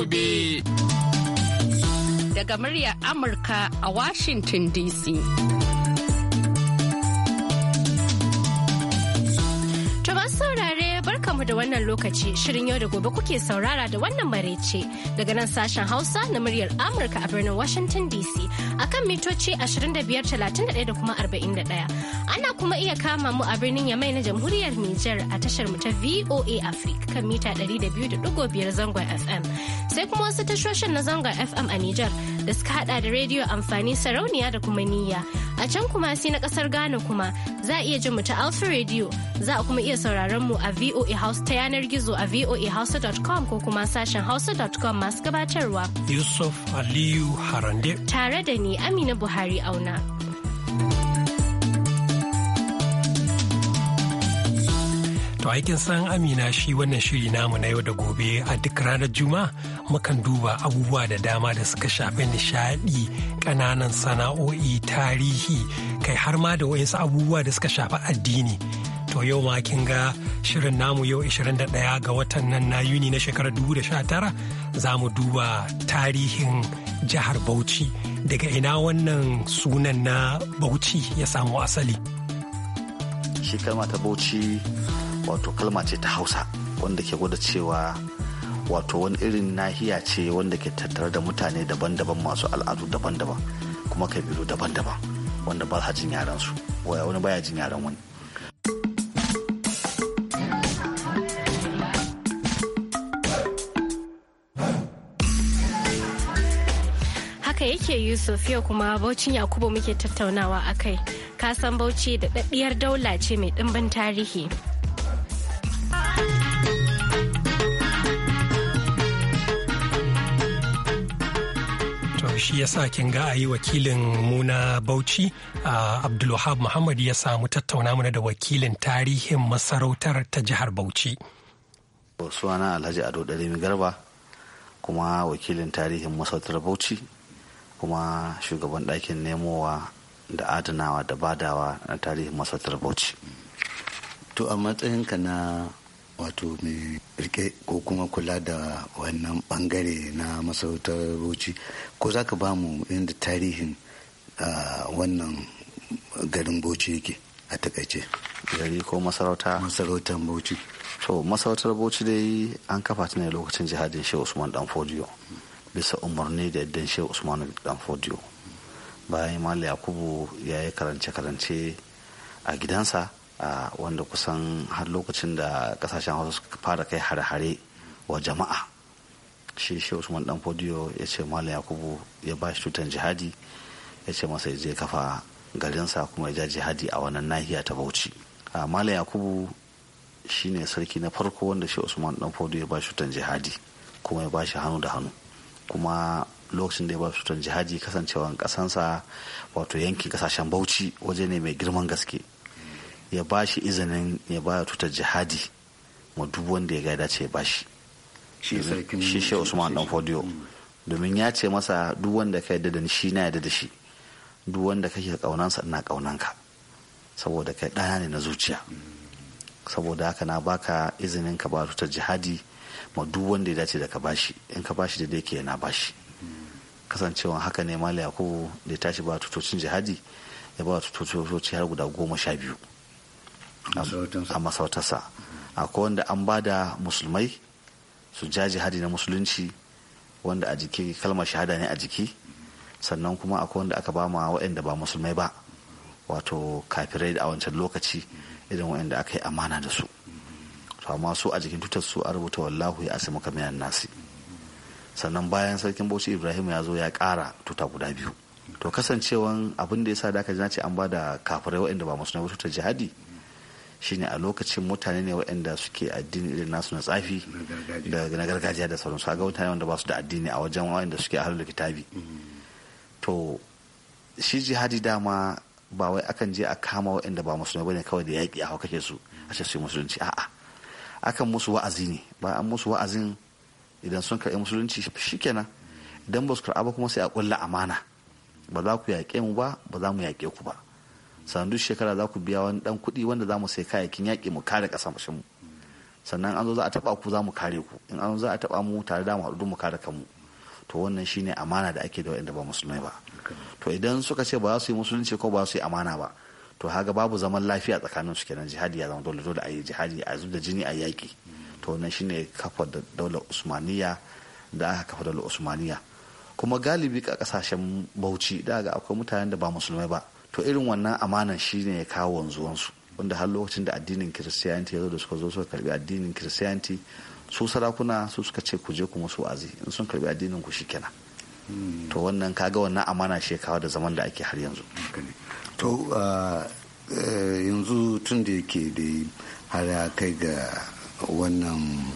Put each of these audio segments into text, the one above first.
gobe. Daga muryar Amurka a Washington DC. saurare barkamu da wannan lokaci shirin yau da gobe kuke saurara da wannan marece daga nan sashen hausa na muryar amurka a birnin washington dc akan mitoci 2531 da kuma 41 Ana kuma iya kama mu a birnin Yamai na Jamhuriyar Nijar a tashar mu ta VOA Africa kan mita 200.5 zangon FM. Sai kuma wasu tashoshin na zangon FM a Nijar da suka hada da rediyo amfani sarauniya da kuma niyya. A can kuma sai na kasar Ghana kuma za a iya jin mu ta Alpha Radio za a kuma iya sauraron mu a VOA House ta yanar gizo a voahouse.com ko kuma sashen hausa.com masu gabatarwa. Yusuf Aliyu Harande. Tare da ni Amina Buhari Auna. To aikin san Amina shi wannan shiri namu na yau da gobe a duk ranar Juma'a mukan duba abubuwa da dama da suka shafi nishadi, ƙananan sana'o'i, tarihi, kai har ma da wayansu abubuwa da suka shafi addini. To yau ma kin ga shirin namu yau 21 ga watan nan na Yuni na shekarar 2019 za mu duba tarihin jihar Bauchi daga ina wannan sunan na Bauchi ya samu asali. Shi kalma ta Bauchi wato kalma ce ta hausa wanda ke gwada cewa wato wani irin nahiya ce wanda ke tattare da mutane daban-daban masu al'adu daban-daban kuma kabilu daban-daban wanda ba sa jin yaran su wani baya jin yaran wani haka yake yusuf yau kuma baucin yakubu muke tattaunawa akai kasan bauchi da daddiyar daula ce mai dimbin tarihi shi ya sa kin ga a yi wakilin muna bauchi uh, abdulwahab muhammad ya samu tattauna mana da wakilin tarihin masarautar ta jihar bauchi suwana alhaji ado ɗarimi garba kuma wakilin tarihin masarautar bauchi kuma shugaban ɗakin nemowa da adanawa da badawa na tarihin masarautar bauchi to a matsayinka na wato mai rike ko kuma kula da wannan bangare na masarautar roci ko za ka bamu inda tarihin wannan garin bauchi yake a takaice gari ko masarauta masarautar bauchi to masarautar bauchi dai an kafa ta ne lokacin jihadin shehu usman dan fodiyo bisa umarni da yaddan shehu usman dan fodiyo bayan mali yakubu ya yi karance-karance a gidansa wanda kusan har lokacin da kasashen hausa suka fara kai hare-hare wa jama'a shi shi usman dan fodiyo ya ce malam yakubu ya ba shi tutan jihadi ya ce masa ya je kafa garinsa kuma ya ja jihadi a wannan nahiya ta bauchi malam yakubu shine sarki na farko wanda shi usman dan fodiyo ya ba shi tutan jihadi kuma ya ba shi hannu da hannu kuma lokacin da ya ba shi tutan jihadi kasancewan kasansa wato yankin kasashen bauchi waje ne mai girman gaske ya ba shi izinin ya ba tutar jihadi ma duk wanda ya gaida ce ya ba shi shi shi usman dan fodiyo domin ya ce masa duk wanda ka yadda da shi na yadda da shi duk wanda kake kaunansa ina kaunanka saboda kai ɗana ne na zuciya saboda haka na baka izinin ka ba tutar jihadi ma duk wanda ya dace da ka bashi in ka bashi da dai ke yana bashi kasancewa haka ne mali yakubu da ya tashi ba tutocin jihadi ya ba tutocin har guda goma sha biyu a masautarsa akwai wanda an ba da musulmai su jaji hadi na musulunci wanda a jiki kalmar shahada ne a jiki sannan kuma akwai wanda aka ba ma waɗanda ba musulmai ba wato kafirai a wancan lokaci irin waɗanda aka yi amana da su to amma su a jikin tutar su a rubuta wallahu ya asimu kamilan nasi sannan bayan sarkin bauchi ibrahim ya zo ya kara tuta guda biyu to kasancewan abin da ya sa da aka ce an ba da kafirai waɗanda ba musulmai ba tutar jihadi shine a lokacin mutane ne waɗanda suke addini irin nasu na tsafi da na gargajiya da sauransu A ga mutane wanda ba su da addini a wajen waɗanda suke a halin kitabi mm. to shi jihadi dama ba wai akan je a kama waɗanda ba musulmai bane kawai da yaƙi a hau kake su a ce su musulunci a'a akan musu wa'azi ne ba an musu wa'azin idan sun karɓi musulunci shikenan idan ba su karɓa ba kuma sai a ƙulla amana ba za ku yaƙe mu ba ba za mu yaƙe ku ba sanadu shekara za ku biya wani dan kuɗi wanda za mu sai kayayyakin yaƙi mu kare ƙasashen mu sannan an zo za a taɓa ku za mu kare ku in an zo za a taɓa mu tare da mu haɗu mu kare kanmu to wannan shine amana da ake da waɗanda ba musulmai ba to idan suka ce ba za su yi musulunci ko ba za su yi amana ba to haga babu zaman lafiya tsakanin su kenan jihadi ya zama dole dole a yi jihadi a zub da jini a yaƙi to wannan shine kafa da daular usmaniya da aka kafa daular usmaniya kuma galibi a kasashen bauchi da ga akwai mutanen da ba musulmai ba to irin wannan amanan shi ne ya kawo wanzuwansu wanda har lokacin da addinin kiristiyanti ya zo da suka zo suka karbi addinin kiristiyanti su sarakuna su suka ce ku je ku musu wa'azi in sun karbi addinin ku shikenan to wannan kaga wannan amana shi kawo da zaman da ake har yanzu to ah, eh, yanzu tun da yake da har ya kai ga wannan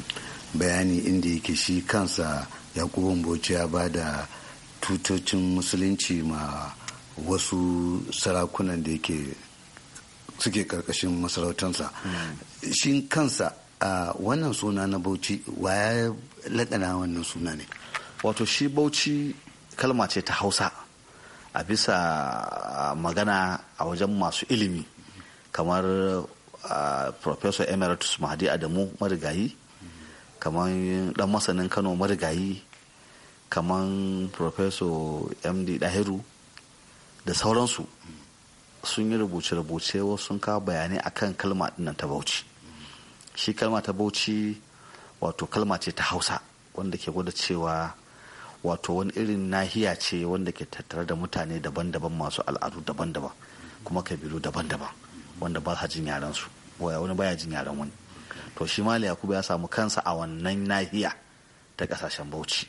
bayani inda yake shi kansa yakubu bauchi ya ba da tutocin musulunci ma wasu sarakunan da yake suke karkashin masarautansa shi kansa wannan suna na bauchi waya laɗana wannan suna ne wato shi bauchi kalma ce ta hausa a bisa magana a wajen masu ilimi kamar professor emeritus mahadi adamu marigayi kamar dan masanin kano marigayi kamar professor md dahiru da sauransu sun yi rubuce-rubuce wasu sun kawo bayanai akan kalma dinnan ta bauchi shi kalma ta bauchi wato kalma ce ta hausa wanda ke gwada cewa wato wani irin nahiya ce wanda ke tattare da mutane daban-daban masu al'adu daban-daban kuma kabilu daban-daban wanda ba sa jin yaran su wani baya jin yaran wani to shi mali yakubu ya samu kansa a wannan nahiya ta kasashen bauchi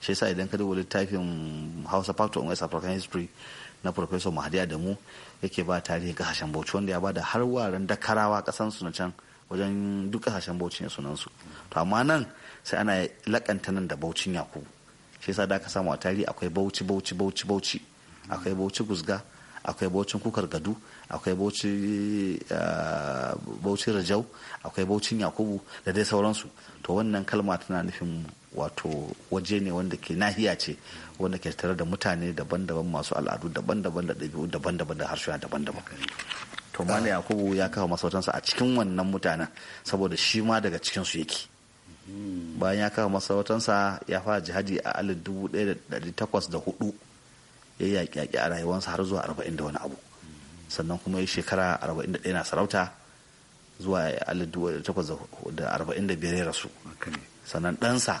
shi yasa idan ka duba littafin hausa part of west african history na professor Mahdi adamu yake ba tarihin kasashen bauchi wanda ya ba da har wuraren dakarawa kasansu na can wajen duk kasashen bauchi ne sunansu to amma nan sai ana lakanta nan da baucin yakubu shi yasa da aka samu a tarihi akwai bauchi bauchi bauchi bauchi akwai bauchi gusga akwai baucin kukar gadu akwai bauchi eh, bauchi rajau akwai baucin yakubu da dai sauransu to wannan kalma tana nufin wato waje ne wanda ke nahiya ce wanda ke tare da mutane daban-daban masu al'adu daban-daban da ɗabi'u daban-daban da harsuna daban-daban to mala ah. yakubu ya kafa masautansa a cikin wannan mutanen saboda shi ma daga cikin su yake hmm. bayan ya kafa masarautarsa ya fara jihadi a alif dubu ɗaya da takwas da hudu ya yaƙi yaƙi a rayuwarsa har zuwa arba'in da wani abu hmm. sannan kuma ya shekara arba'in da ɗaya na sarauta zuwa alif dubu ɗaya da takwas da arba'in da biyar ya rasu sannan ɗansa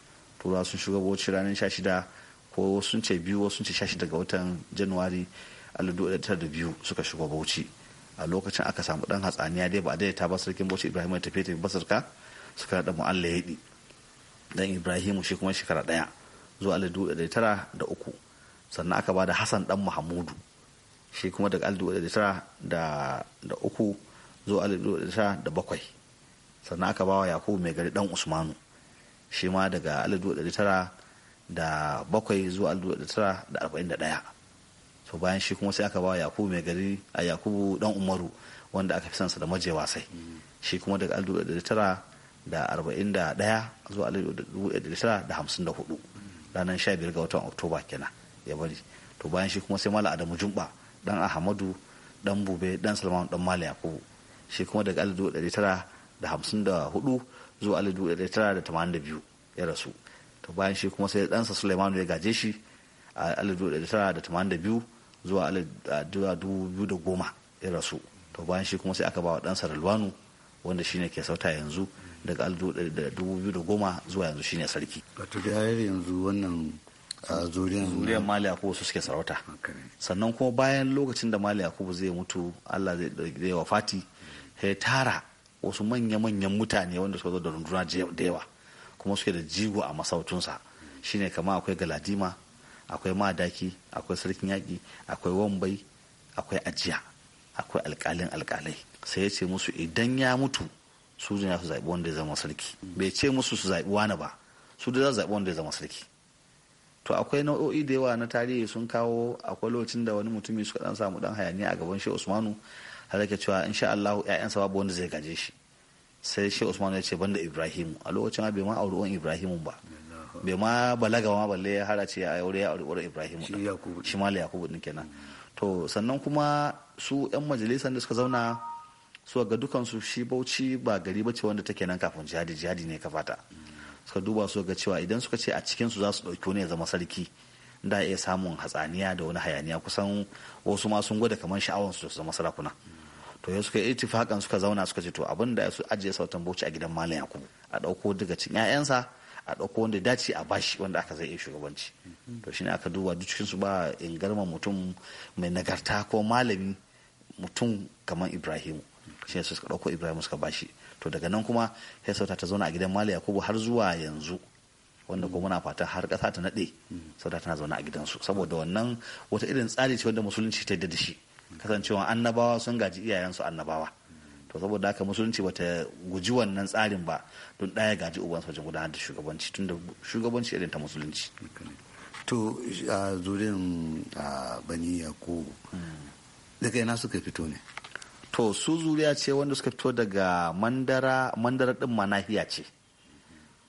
turawa sun shiga bauchi ranar 16 ko sun ce biyu wasu sun ce 16 ga watan januwari biyu suka shiga bauchi a lokacin aka samu dan hatsaniya dai ba a daidaita ba sarkin bauchi ibrahim ya tafi tafi basarka suka mu mu'alla ya yi dan ibrahim shi kuma shekara daya zuwa uku sannan aka ba da hassan dan mahamudu shi kuma daga uku zuwa bakwai sannan aka ba wa yakubu mai gari dan usmanu shi ma daga bakwai zuwa ɗaya to bayan shi kuma sai aka ba yakubu mai gari a yakubu dan umaru wanda aka fi sansa da maje wasai mm. shi kuma daga da da da tara arba'in daya zuwa da da hamsin hudu mm. ranar sha biyar ga watan oktoba kenan ya bari to bayan shi kuma sai malam adamu jumba dan ahmadu dan bube dan salman dan mala yakubu shi kuma daga da da da tara hamsin hudu. zuwa alif dubu ɗaya tara da tamanin da biyu ya rasu to bayan shi kuma sai ɗansa Suleimanu ya gaje shi a alif dubu ɗaya tara da tamanin da biyu zuwa alif dubu biyu da goma ya rasu to bayan shi kuma sai aka bawa ɗansa Rilwanu wanda shine ke sauta yanzu daga dubu biyu da goma zuwa yanzu shine sarki. Wato da yanzu wannan a zuriyar zuriyar mali yakubu su suke sarauta sannan kuma bayan lokacin da mali yakubu zai mutu allah zai wa fati ya tara wasu manya-manyan mutane wanda suka zo da runduna da yawa kuma suke da jigo a masautunsa shine kama akwai galadima akwai madaki akwai sarkin yaƙi akwai wambai akwai ajiya akwai alƙalin alƙalai sai ya ce musu idan ya mutu su ya su zaɓi wanda ya zama sarki bai ce musu su zaɓi wani ba su da za zaɓi wanda ya zama sarki to akwai nau'o'i da yawa na tarihi sun kawo akwai lokacin da wani mutumi suka dan samu dan hayaniya a gaban shi usmanu har ke cewa insha Allah ƴaƴansa babu wanda zai gaje shi sai shi Usman ya ce banda ibrahim a lokacin bai ma auri Ibrahim ba bai ma balaga ma balle ya hara ce ya aure ya auri wurin ibrahim shi ma Yakubu din kenan to sannan kuma su yan majalisar da suka zauna su ga dukansu shi Bauchi ba gari ba ce wanda take nan kafin jihadi jihadi ne ka fata suka duba su ga cewa idan suka ce a cikin su za su dauki wani ya zama sarki da iya samun hatsaniya da wani hayaniya kusan wasu ma sun gwada kamar sha'awar su zama sarakuna. to yau suka yi ittifakan suka zauna suka ce to abin da su ajiye sautan bauchi a gidan malam yakubu a ɗauko daga cikin 'ya'yansa a ɗauko wanda dace a bashi wanda aka zai iya shugabanci to shine aka duba duk cikinsu ba in garma mutum mai nagarta ko malami mutum kamar Ibrahim shi suka ɗauko ibrahim suka bashi to daga nan kuma sai sauta ta zauna a gidan malam yakubu har zuwa yanzu wanda kuma muna fatan har ƙasa ta naɗe sauta tana zauna a gidansu saboda wannan wata irin tsari ce wanda musulunci ta da shi kasancewa annabawa sun gaji iyayensu annabawa to saboda haka musulunci bata guji wannan tsarin ba don ɗaya gaji uban wajen gudanar da shugabanci tun da shugabanci irin ta musulunci to a zurin a bani yakubu daga yana suka fito ne to su zuriya ce wanda suka fito daga mandara mandara din manahiya ce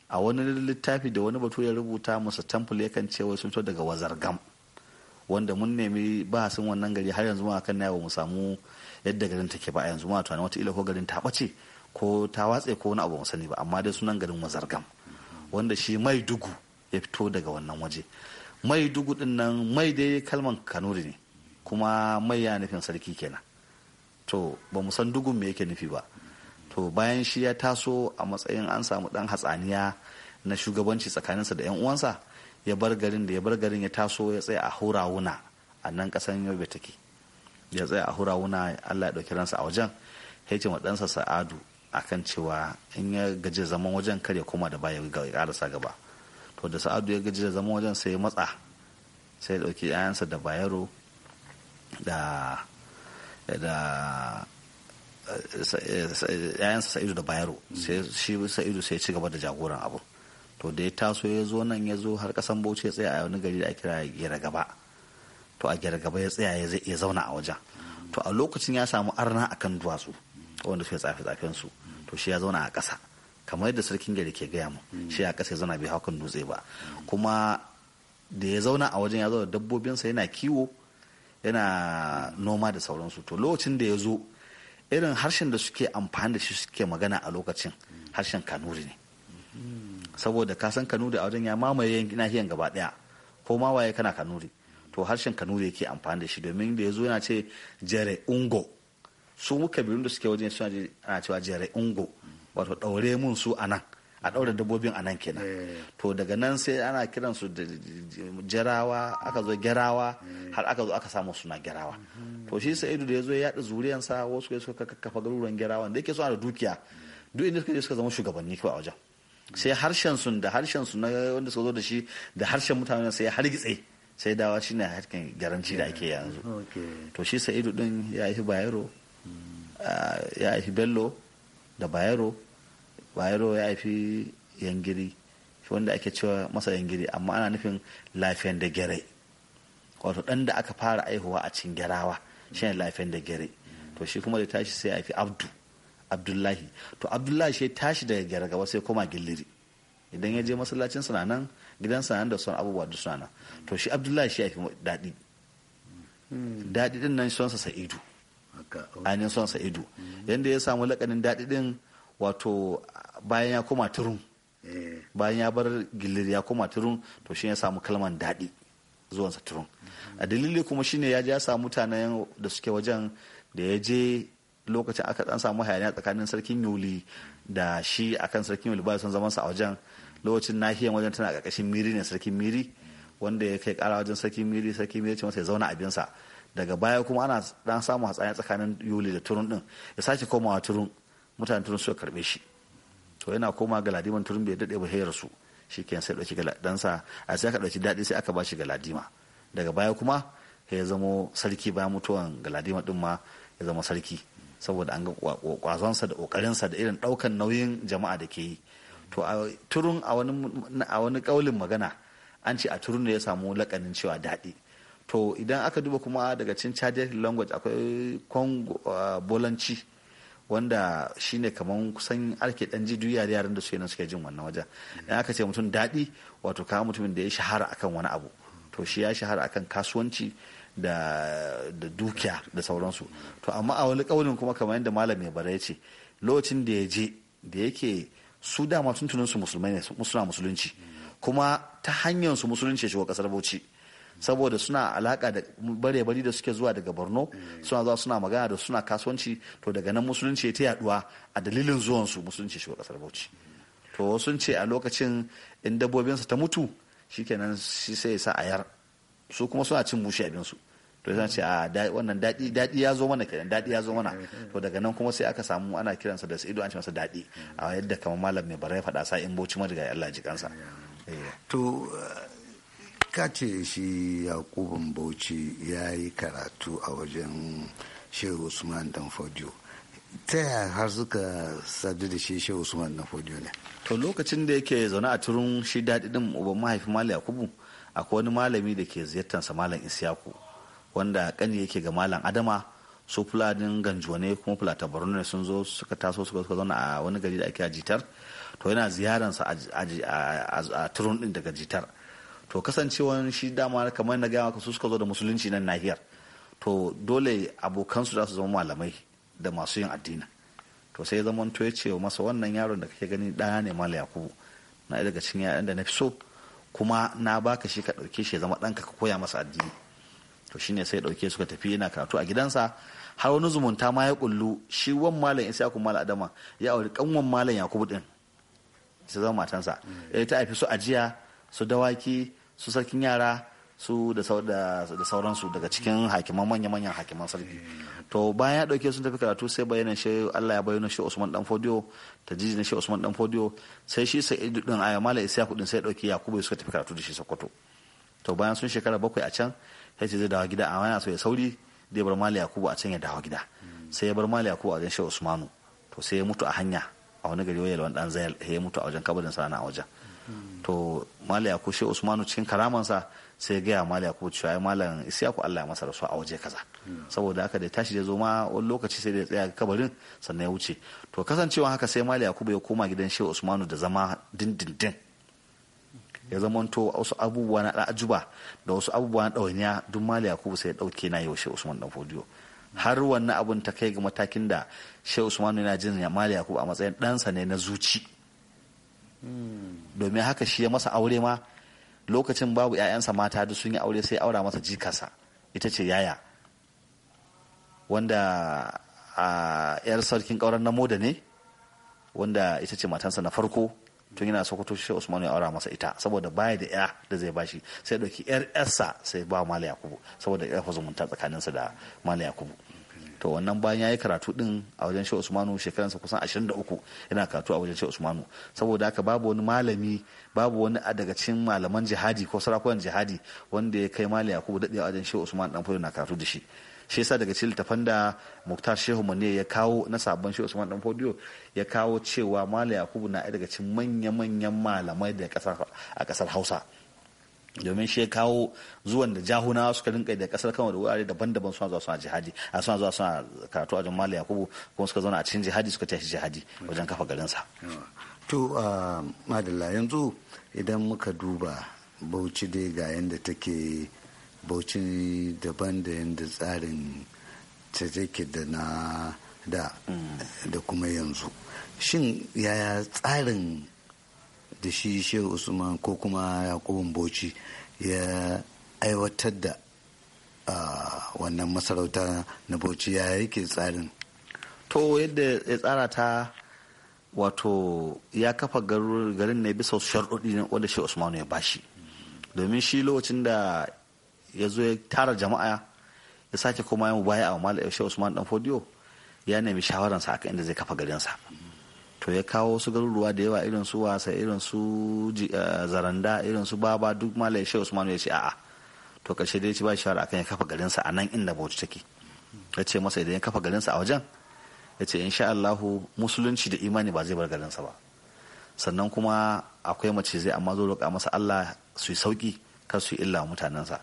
a wani littafi da wani batu ya rubuta musu Temple yakan ce wai sun fito daga wazargam gam wanda mun nemi ba sun wannan gari har yanzu ma kan na mu samu yadda garin take ba yanzu ma wata ila ko garin ta bace ko ta watse ko wani abu mu sani ba amma dai sunan garin wazargam wanda shi mai dugu ya fito daga wannan waje mai dugu din nan mai dai kalman kanuri ne kuma mai ya nufin sarki kenan to ba mu san dugun me yake nufi ba to bayan shi ya taso a matsayin an samu dan hatsaniya na shugabanci tsakaninsa da 'yan uwansa ya bar garin da ya bar garin ya taso ya tsaya a hurawuna a nan kasan yobe take ya tsaya a hurawuna allah ya ɗauki ransa a wajen ya ce ɗansa sa'adu akan cewa in ya gaji zaman wajen kar ya koma da baya ya ƙarasa gaba to da sa'adu ya gaji zaman wajen sai ya matsa sai ya ɗauki 'ya'yansa da bayero da da yayansa eh, eh, eh, sa'idu da bayero sai shi sa'idu sai ci gaba da jagoran abu to da ya taso ya zo nan ya zo har kasan bauchi ya tsaya a wani gari da a kira gira gaba to a gira gaba ya tsaya ya zauna a wajen to a lokacin ya samu arna a kan duwatsu wanda suke tsafe tsafen su to shi ya zauna a ƙasa kamar yadda sarkin gari ke gaya mu shi a ƙasa ya zauna bai hakan dutse ba kuma da ya zauna a wajen ya zauna dabbobinsa yana kiwo yana noma da sauransu to lokacin da ya zo irin harshen da suke amfani da shi suke magana a lokacin harshen kanuri ne saboda ka san kanuri a wajen ya mamaye nahiyan gaba daya ko ma waye kana kanuri to harshen kanuri yake amfani da shi domin da yazo yana ce jere ungo su mu kabilun da suke wajen suna ana cewa jere ungo wato daure mun su a nan a daure dabbobin a nan kenan eh. to daga nan sai ana kiran su da jarawa aka zo gerawa eh. har aka zo aka samu suna gerawa mhm. to shi sa'idu da yazo ya yaɗa zuriyansa wasu suka kakkafa garuruwan gerawa da yake so da dukiya duk inda suka je suka zama shugabanni kawai a wajen sai harshen sun da harshen sun na wanda suka zo da shi da harshen mutane sai hargitse sai dawa shine harkan garanci da ake yanzu to shi sa'idu din ya yi bayero hmm. ya yi bello da bayero bayero ya yi yangiri shi wanda ake cewa masa yangiri amma ana nufin lafiyan da gere wato dan da aka fara aihuwa a shi ne lafiyan da gere hmm. to shi kuma da tashi sai ya haifi abdu abdullahi to abdullahi shi tashi daga gaba sai koma gilliri idan ya je masallacin suna nan gidan suna nan da son abubuwa da suna nan to shi abdullahi shi ya fi daɗi hmm. daɗi din nan sonsa sa'idu ainihin son sa'idu hmm. yadda ya samu lakanin daɗi din wato bayan ya koma turun eh. bayan ya bar gilliri ya koma turun to shi ya samu kalman daɗi zuwansa turun hmm. a dalili kuma shine ya ja samu mutanen da suke wajen da ya je lokacin aka dan samu hayaniya tsakanin sarkin yuli da shi akan sarkin yuli ba son zamansa a wajen lokacin nahiyan wajen tana karkashin miri ne sarkin miri wanda ya kai kara wajen sarkin miri sarkin miri ce masa ya zauna abinsa daga baya kuma ana dan samu hatsaniya tsakanin yuli da turun din ya sake komawa turun mutanen turun suka karbe shi to yana koma galadiman turun bai dade ba hayar su shikenan sai dauki galadansa a sai aka dauki dadi sai aka ba shi galadima daga baya kuma ya zama sarki bayan mutuwan galadima din ma ya zama sarki saboda an ga kwazonsa da kokarinsa da irin daukan nauyin jama'a da ke yi to a turun a wani kaulin magana an ce a turun da ya samu lakanin cewa daɗi to idan aka duba kuma daga cin chadian language akwai congo bolanci wanda shine kamar kusan arke dan ji duk yaran da su nan suke jin wannan wajen idan aka ce mutum daɗi wato kama mutumin da ya shahara akan wani abu to shi ya shahara akan kasuwanci da dukiya da sauransu to amma a wani ƙaunin kuma kamar yadda malam ya bara ya ce lokacin da ya je da yake su dama tuntunin su musulmai ne suna musulunci kuma ta hanyar su musulunci shigo kasar bauchi saboda suna alaka da bare-bari da suke zuwa daga borno suna zuwa suna magana da suna kasuwanci to daga nan musulunci ta yaduwa a dalilin zuwan su musulunci shigo kasar bauchi to sun ce a lokacin in dabbobinsa ta mutu shikenan shi sai ya sa a yar su kuma suna cin bushe abinsu to sai ce ah, a wannan daɗi dadi ya zo mana kenan daɗi ya zo mana to daga nan kuma sai aka samu ana kiransa da ido an ce masa daɗi a yadda kamar malam mai bara ya faɗa sa in boci madiga Allah ji kansa eh. to ka ce shi yakubun bauchi ya yi karatu a wajen shehu usman dan fodio ta yaya har suka sadu da shi shehu usman dan fodio ne to lokacin da yake zaune a turun shi daɗi din uban mahaifin malam yakubu akwai wani malami da ke ziyartarsa malam isiyaku wanda kani yake ga malam adama su fulanin ganjuwa kuma fulata borno ne sun zo suka taso suka suka zauna a wani gari da ake jitar to yana ziyararsa a turun din daga jitar to kasancewan shi dama kamar na gaya maka su suka zo da musulunci nan nahiyar to dole abokansu za su zama malamai da masu yin addini to sai zaman to ya ce masa wannan yaron da kake gani ɗaya ne mala yakubu na daga cikin yayan da na fi so kuma na baka shi ka ɗauke shi ya zama ɗanka ka koya masa addini to shine sai ɗauke suka tafi yana karatu a gidansa har wani zumunta ma ya kullu shi wan malam isa ku malam adama ya auri kanwan malam yakubu din sai zama matansa mm. eh, ta haifi su ajiya su dawaki su sarkin yara su da sauransu daga cikin hakiman manya-manyan hakiman sarki to bayan ya dauke sun tafi karatu sai bayanan shi Allah ya bayyana shi Usman dan Fodio ta jiji na shi Usman dan Fodio sai shi sai din aya mala isa kudin sai dauki Yakubu suka tafi karatu da shi Sokoto to bayan sun shekara bakwai a can sai ce zai dawo gida amma yana so ya sauri zai bar mala Yakubu a can ya dawo gida sai ya bar mala Yakubu a wajen shi Usmanu to sai ya mutu a hanya a wani gari wayar wani dan zayal ya mutu a wajen kabarin sa na a wajen to mala Yakubu shi Usmanu cikin karamansa sai gaya mala ya cewa ai malam ku Allah ya masa rasu a waje kaza saboda haka da tashi da zo ma wani lokaci sai da ya tsaya kabarin sannan ya wuce to kasancewa haka sai mala ku ya koma gidan shehu usmanu da zama dindindin ya zamanto wasu abubuwa na ajuba da wasu abubuwa na ɗawainiya duk mali ku sai ya ɗauke na yau shehu usman dan fodiyo har wannan abun ta kai ga matakin da shehu usmanu yana jin mali ku a matsayin ɗansa ne na zuci hmm. domin haka shi ya masa aure ma lokacin babu 'ya'yansa mata duk sun yi aure sai aura masa jikasa ita ce yaya wanda a 'yar sarkin kauran na moda ne wanda ita ce matansa na farko tun yana sokoto shi usmanu ya aura masa ita saboda baya da ya da zai bashi sai dauki yar yarsa sai ba mali yakubu saboda ya fa zumunta tsakaninsa da mali yakubu to wannan bayan ya yi karatu din a wajen shehu usmanu shekaransa kusan 23 yana karatu a wajen shehu usmanu saboda haka babu wani malami babu wani a daga cikin malaman jihadi ko sarakunan jihadi wanda ya kai malam yakubu daɗe a wajen shehu usman dan na karatu da shi shi yasa daga cikin littafan da muktar shehu mane ya kawo na sabon shehu usman dan fulo ya kawo cewa malam yakubu na daga cikin manya-manyan malamai da a kasar hausa domin shi ya kawo zuwan da jahuna suka rinka da kasar kano da wurare daban-daban suna zuwa suna jihadi a suna zuwa suna karatu a jamal yakubu kuma suka zauna a cikin jihadi suka tashi jihadi wajen kafa garin sa to ah, madalla yanzu idan muka duba bauchi dai ga yadda take bauchi daban da yadda tsarin ta take da na da mm. kuma yanzu shin yaya tsarin da shi shehu usman ko kuma yakubun bauchi ya aiwatar da wannan masarauta na bauchi ya yake tsarin to yadda ya tsara ta wato ya kafa garin ne bisa sharɗoɗi wanda shehu usman ya bashi domin shi lokacin da ya zo ya tara jama'a ya sake koma ya mubaya a mala shehu usman dan fodiyo ya nemi shawararsa akan inda zai kafa garinsa to ya kawo su garuruwa da yawa irin su wasa irin su eh, zaranda irin su baba duk ma laishe usman ya ce a'a to karshe dai ci ba shawara akan ya kafa garinsa a nan inda bauchi take ya ce masa idan ya kafa garinsa a wajen ya ce insha Allahu musulunci da imani ba zai bar garinsa ba sannan kuma akwai mace zai amma zo roƙa masa Allah su yi sauki kar su yi illa mutanensa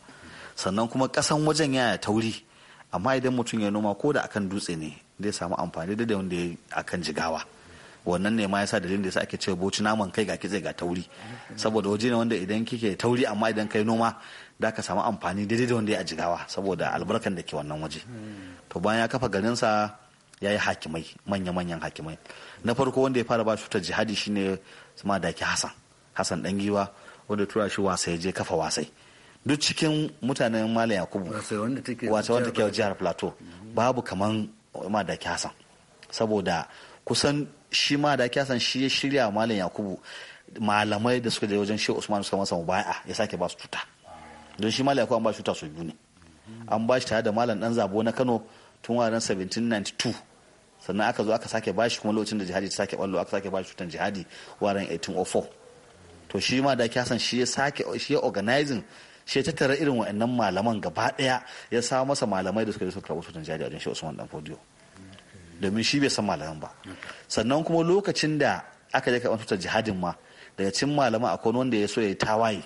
sannan kuma kasan wajen yaya tauri amma idan mutum ya noma ko da akan dutse ne zai samu amfani da wanda ya akan jigawa wannan ne ma yasa dalilin da yasa ake cewa boci naman kai ga kitse ga tauri saboda waje ne wanda idan kike tauri amma idan kai noma da ka samu amfani daidai da wanda ya jigawa saboda albarkan da ke wannan waje to bayan ya kafa garinsa ya yi hakimai manya-manyan hakimai na farko wanda ya fara ba cutar jihadi shine ma daki hassan hassan dan giwa wanda tura shi wasai je kafa wasai duk cikin mutanen malam yakubu wace wanda ke jihar plateau babu kaman ma daki hassan saboda kusan shi ma da kyasan shi ya shirya malam yakubu malamai da suka je wajen shi usman suka masa mubaya ya sake ba su tuta don shi malam yakubu an ba tuta su biyu ne an ba shi tare da malam dan zabo na kano tun wajen 1792 sannan aka zo aka sake ba shi kuma lokacin da jihadi ta sake ballo aka sake ba shi tutan jihadi waren 1804 to shi ma da kyasan shi ya sake shi ya organizing shi tattara irin wa'annan malaman gaba daya ya sa masa malamai da suka je suka karɓi tutan jihadi a wajen shehu usman dan fodiyo domin shi bai san malaman ba sannan kuma lokacin da aka je karɓar cutar jihadin ma daga cin malama akwai wanda ya so ya yi tawaye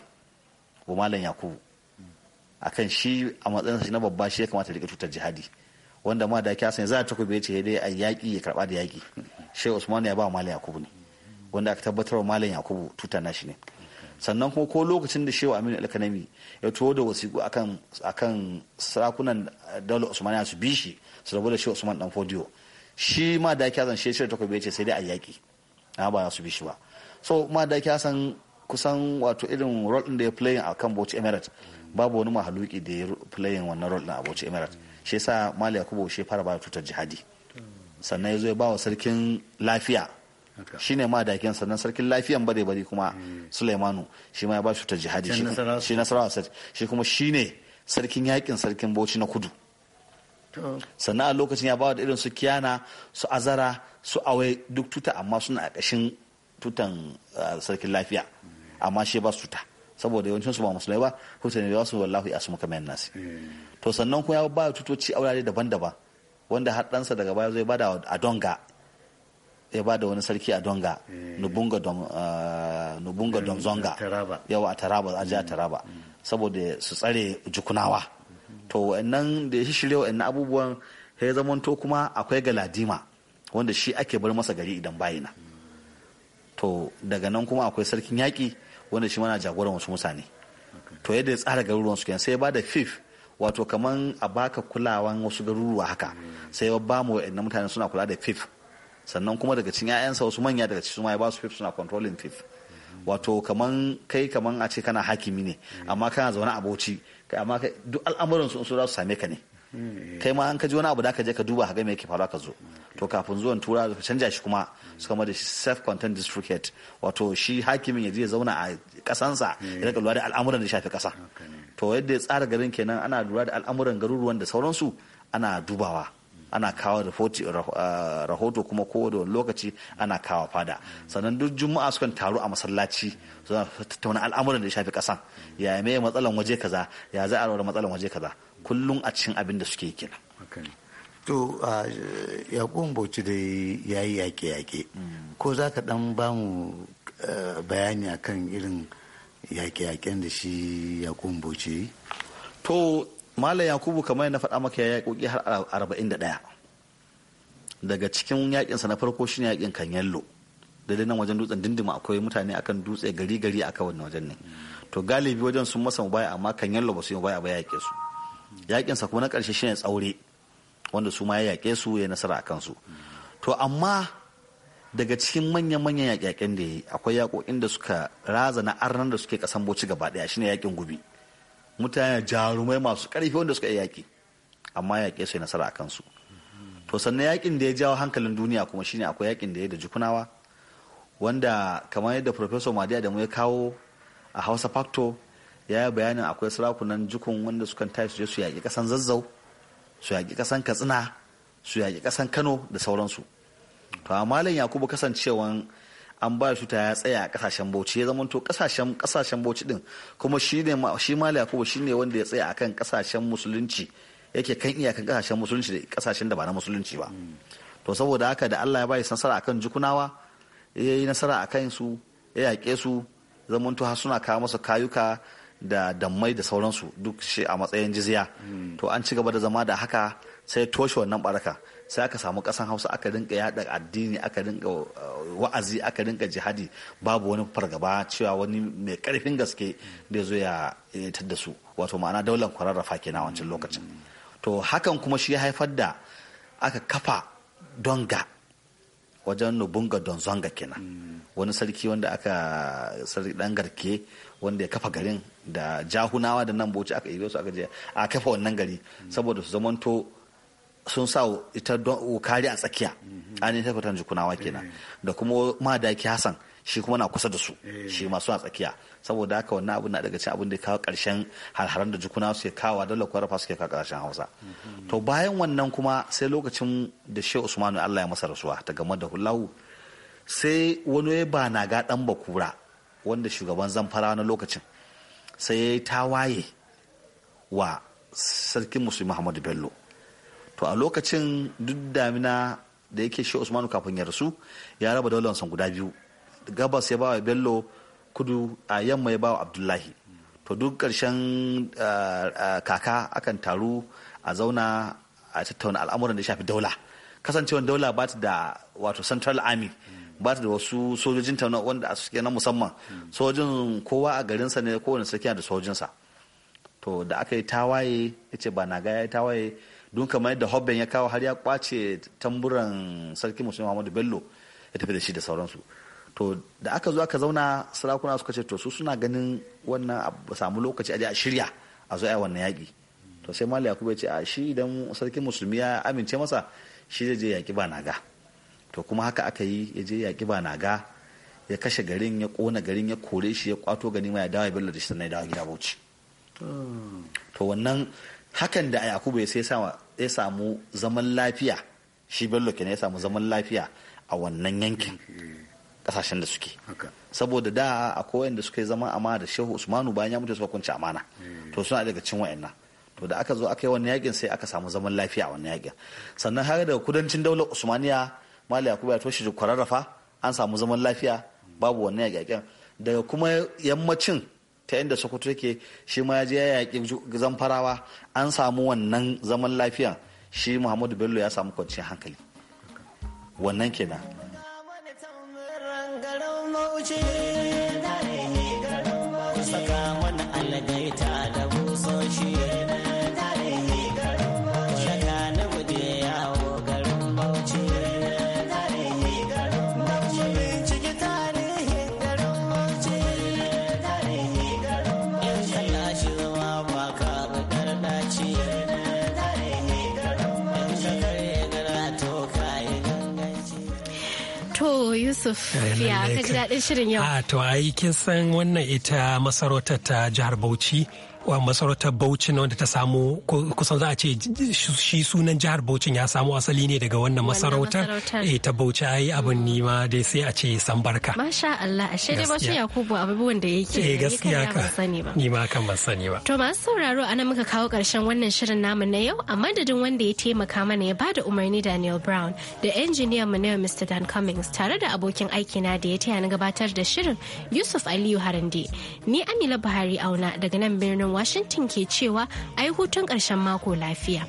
wa malam yakubu akan shi a matsayin shi na babba shi ya kamata ya rike cutar jihadi wanda ma da ya kasance za a takobi ya ce dai a yaƙi ya karɓa da yaƙi shi usman ya ba malam yakubu ne wanda aka tabbatar wa malam yakubu tutar nashi ne sannan kuma ko lokacin da shehu aminu alkanami ya tuwo da wasiƙu akan sarakunan daular usmaniya su bi shi su rabu da shehu usman dan fodiyo shi ma da yake san shi shirya kwabe ce sai dai a yaki na ba su bi shi ba so ma da yake san kusan wato irin role din da ya play a kan Bauchi Emirates babu wani mahaluki da ya play wannan role din a Bauchi Emirates shi yasa Mali Yakubu shi fara ba tutar jihadi sannan ya zo ya ba wa sarkin lafiya shi ne ma yake sannan sarkin lafiyan bare bare kuma hmm. Sulaimanu shi ma ya ba shi ta jihadi shi nasarawa shi kuma shi ne sarkin yakin sarkin Bauchi na kudu sannan a lokacin ya bawa da irin su kiyana su azara su awai duk tuta amma suna a ƙashin tutan eh, sarkin lafiya amma shi ba su tuta saboda yawancin su ba musulmai ba ne ba wasu wallahu ya muka kamar nasi hmm. to sannan kuma ya ba tutoci a wurare daban-daban wanda har ɗansa daga baya zai bada a donga ya ba da wani sarki a donga hmm. nubunga eh, hmm, domzonga yawa a taraba a taraba saboda su tsare jukunawa to wa'annan da ya shirya wa'annan abubuwan ya zamanto kuma akwai galadima wanda shi ake bar masa gari idan bayina to daga nan kuma akwai sarkin yaƙi wanda shi mana jagoran wasu mutane to yadda ya tsara garuruwan su sai ya ba da fif wato kaman a baka kulawan wasu garuruwa haka sai ya ba mu wa'annan mutane suna kula da fif sannan kuma daga cikin 'ya'yansa wasu manya daga cikin ya ba su fif suna controlling fif wato kaman kai kaman a ce kana hakimi ne amma kana zaune a bauchi kai amma duk al'amuran su su za su same ka ne kai ma an ka ji wani abu da ka je ka duba ka ga me yake faruwa ka zo to kafin zuwan tura da canja shi kuma suka mada shi self content district wato shi hakimin ya je ya zauna a kasansa ya rika lura da al'amuran da shafi kasa to yadda ya tsara garin kenan ana lura da al'amuran garuruwan da sauransu ana dubawa ana kawo eh, rahoto kuma ko da lokaci ana kawo fada sannan duk juma'a sukan taru a masallaci su tattauna al'amuran da ya shafi kasan ya mai matsalan waje kaza ya za a rawar matsalan waje kaza kullum a cikin abin da suke kina to yakun bauchi da ya yi yaƙe mm. ko za ka ɗan ba mu eh, bayani akan irin yaƙe-yaƙen da shi yakun bauchi to malam yakubu kamar na faɗa maka ya yaƙoƙi har arba'in da ɗaya daga cikin yaƙinsa na farko shine yaƙin kan yallo daidai nan wajen dutsen dindima akwai mutane akan dutse gari gari kan wannan wajen ne to galibi wajen sun masa mubaya amma kan yallo ba su yi mubaya ba yaƙe su yaƙinsa kuma na ƙarshe shine tsaure wanda su ma ya yaƙe su ya nasara akan su to amma daga cikin manyan manyan yaƙe-yaƙen da ya yi akwai yaƙoƙin da suka razana arnan da suke ƙasan boci gaba ɗaya shine yaƙin gubi mutane jarumai masu karfi wanda suka yi yaƙi amma yaƙe sai nasara a kansu to sannan yaƙin da ya jawo hankalin duniya kuma shine akwai yaƙin da ya da jukunawa wanda kamar yadda professor madi adamu ya kawo a hausa factor ya yi bayanin akwai sarakunan jukun wanda sukan tashi su je su yaƙi ƙasan zazzau su yaƙi ƙasan katsina su yaƙi ƙasan kano da sauransu to a malam yakubu kasancewan an ba shi ta ya tsaya a kasashen bauchi ya zamanto kasashen kasashen bauchi din kuma shi ne shi mali yakubu shi ne wanda ya tsaya akan kasashen musulunci yake kan iyakan kasashen musulunci da kasashen da ba na musulunci ba to saboda haka da Allah ya bai nasara akan jukunawa ya yi nasara akan su ya yake su zamanto har suna kawo masa kayuka da dammai da sauransu duk shi a matsayin jiziya to an ci gaba da zama da haka sai toshe wannan baraka sai aka samu kasan hausa aka rinka yada addini aka rinka eh, wa'azi aka rinka jihadi babu wani fargaba cewa wani mai karfin gaske da zo ya da su wato ma'ana daular kwararrafa kenan a wancan lokacin to hakan kuma shi ya haifar da aka kafa donga wajen nubunga donzonga kenan wani sarki wanda aka sarki dan garke wanda ya kafa garin da jahunawa da nan bauchi aka ibe su aka je a kafa wannan gari saboda su zamanto sun sa ita don kari a tsakiya mhm. an ta tafatan jikunawa kenan eh. da kuma madaki hassan shi kuma na kusa da su eh. shi masu a tsakiya saboda haka wannan abu na daga cikin abin da kawo karshen harharan da jikuna suke kawo dole kuwa rafa suke kawo karshen hausa mhm. to bayan wannan kuma sai lokacin da shi usmanu allah ya masa rasuwa ta gama da hulahu sai wani ya ba na ga dan bakura wanda shugaban zamfara na lokacin sai ya yi tawaye wa sarkin musulmi muhammadu bello to a lokacin duk damina da yake shi usmanu kafin ya rasu ya raba wasan guda biyu gabas ya bawa bello kudu a yamma ya bawa abdullahi to duk karshen kaka akan taru a zauna a tattauna al'amuran da shafi daula kasancewar daula ba ta da wato central army ba ta da wasu sojojin ta wanda a suke na musamman sojin kowa a garinsa ne kowane sarki da sojinsa to da aka yi tawaye ya ce ba na ga ya yi tawaye don kamar yadda hobben ya kawo har ya kwace tamburan sarki musulmi muhammadu bello ya tafi da shi da sauransu to da aka zo aka zauna sarakuna suka ce to su suna ganin wannan samu lokaci a a shirya a zo a wannan yaƙi to sai mali yakubu ya ce a shi idan sarkin musulmi ya amince masa shi zai je yaƙi ba naga to kuma haka aka yi ya je yaƙi ba naga ya kashe garin ya ƙona garin ya kore shi ya kwato ma ya dawo bello da shi sannan ya dawo gida bauchi hmm. to wannan hakan da yakubu ya sai sa ya samu zaman lafiya shi bello kenan ya samu zaman lafiya a wannan yankin kasashen da suke saboda da a akwai da suka yi zama amana da shehu usmanu bayan ya mutu suka kunce amana hmm. to suna daga cin wayannan to da aka zo aka yi wannan yakin sai aka samu zaman lafiya a wannan yakin sannan har daga kudancin daular usmaniya mali yakubu ya toshe kwararrafa an samu zaman lafiya babu wannan yakin daga kuma yammacin ta inda sokoto yake shi ma ya je ya yaƙi zamfarawa an samu wannan zaman lafiya shi muhammadu bello ya samu kwanciyar hankali wannan kenan Yusuf eh, ya kaji daɗin shirin yau. A ah, to ai kin san wannan ita masarautar ta jihar Bauchi Wa masarautar Bauchi na wanda ta samu kusan za a ce shi sunan jihar Bauchi ya samu asali ne daga wannan masarautar eh ta Bauchi ai abin nima dai sai a ce san barka masha Allah ashe dai shi Yakubu abubuwan da yake eh gaskiya ka ni ma kan ban sani ba to masu sauraro anan muka kawo karshen wannan shirin namu na yau a madadin wanda ya taimaka mana ya bada umarni Daniel Brown da injiniyan mu na Mr Dan Cummings tare da abokin aiki na da ya taya ni gabatar da shirin Yusuf Aliyu Harande ni Amina Buhari auna daga nan birnin Washington ke cewa a yi hutun ƙarshen mako lafiya.